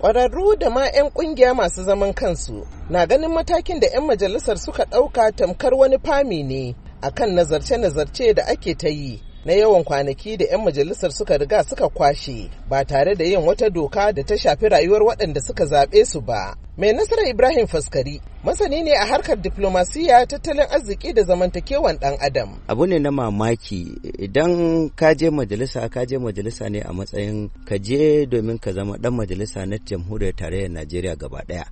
Kwararru da ma 'yan ƙungiya masu zaman kansu na ganin matakin da 'yan majalisar suka ɗauka tamkar wani fami ne a kan nazarce-nazarce da ake ta yi na yawan kwanaki da 'yan majalisar suka riga suka kwashe ba tare da yin wata doka da ta shafi rayuwar waɗanda suka zaɓe su ba. Mai nasarar Ibrahim Faskari masani ne a harkar diplomasiya tattalin arziki da zamantakewan dan adam. Abu ne na mamaki idan ka je majalisa ka je majalisa ne a matsayin ka je domin ka zama dan majalisa na jamhuriyar tarayyar Najeriya gaba daya.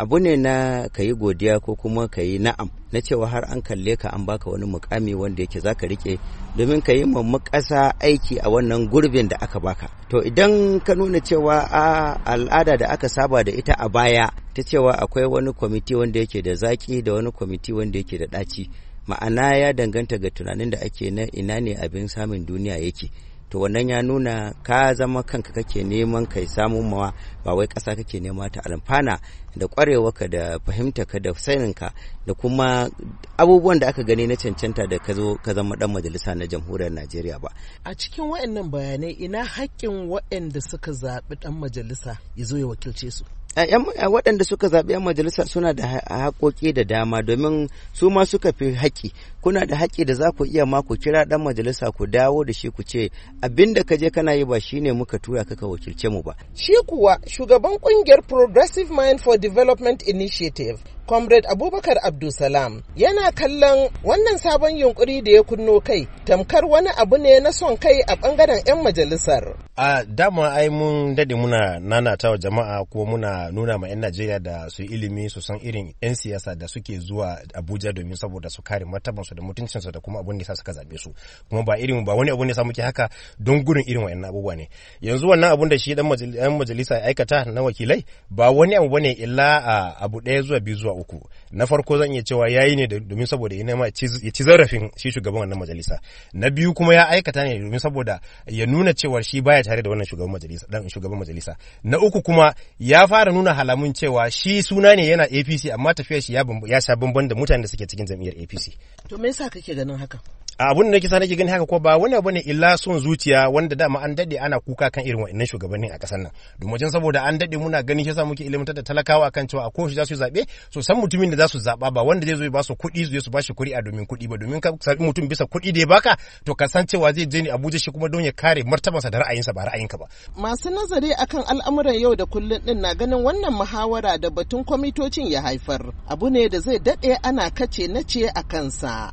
Abu ne na ka yi godiya ko kuma ka yi na'am na cewa har an kalle ka an baka wani mukami wanda yake ka rike domin ka yi mamma ƙasa aiki a wannan gurbin da aka baka. To idan ka nuna cewa a al'ada da aka saba da ita a baya ta cewa akwai wani kwamiti wanda yake da zaki da wani kwamiti wanda yake da ɗaci ma'ana ya danganta ga tunanin da ake na ina ne abin samun duniya yake to wannan ya nuna ka zama kanka kake neman kai samun mawa ba wai ƙasa kake nema ta alfana da ƙwarewarka da fahimtarka da saninka da kuma abubuwan da aka gani na cancanta da ka zo ka zama ɗan majalisa na jamhuriyar najeriya ba a cikin waɗannan bayanai ina haƙƙin waɗanda suka zaɓi ɗan majalisa ya zo ya wakilce su waɗanda suka zaɓi 'yan majalisa suna da haƙoƙi da dama domin su ma suka fi haƙi kuna da haƙi da za ku iya ma ku kira ɗan majalisa ku dawo da shi ku ce abin da ka je kana yi ba shine muka tura ka ka wakilce mu ba. Shi kuwa shugaban ƙungiyar Progressive Mind for Development Initiative comrade abubakar abdulsalam yana kallon wannan sabon yunkuri da ya kunno kai tamkar wani abu ne na son kai a bangaren 'yan majalisar a dama ai mun dade muna nanata wa jama'a kuma muna nuna ma 'yan najeriya da su ilimi su san irin 'yan siyasa da suke zuwa abuja domin saboda su kare martabansu da mutuncinsu da kuma abun da suka zabe su kuma ba irin ba wani abu ne sa muke haka don gurin irin wa'annan abubuwa ne yanzu wannan abun da shi dan majalisa ya aikata na wakilai ba wani abu bane illa abu ɗaya zuwa biyu zuwa uku na farko zan iya cewa yayi ne domin saboda ya ci zarafin shi shugaban wannan majalisa na biyu kuma ya aikata ne domin saboda ya nuna cewa shi baya tare da wannan shugaban majalisa dan shugaban majalisa na uku kuma ya fara nuna halamun cewa shi suna ne yana APC amma tafiyar shi ya sha bamban da mutanen da suke cikin jam'iyyar APC to me yasa kake ganin haka abun da kisa nake gani haka ko ba wani abu illa son zuciya wanda dama an dade ana kuka kan irin wa'annan shugabannin a kasar nan domin saboda an dade muna gani shi yasa muke ilimin da talakawa akan cewa a koshi za su zabe so san mutumin da za su zaba ba wanda zai zo ya ba su kuɗi su su ba shi kuri'a domin kuɗi ba domin ka sabi mutum bisa kuɗi da ya baka to ka san cewa zai je ne Abuja shi kuma don ya kare martabarsa da ra'ayinsa ba ra'ayinka ba masu nazari akan al'amuran yau da kullun din na ganin wannan muhawara da batun kwamitocin ya haifar abu ne da zai dade ana kace nace a kansa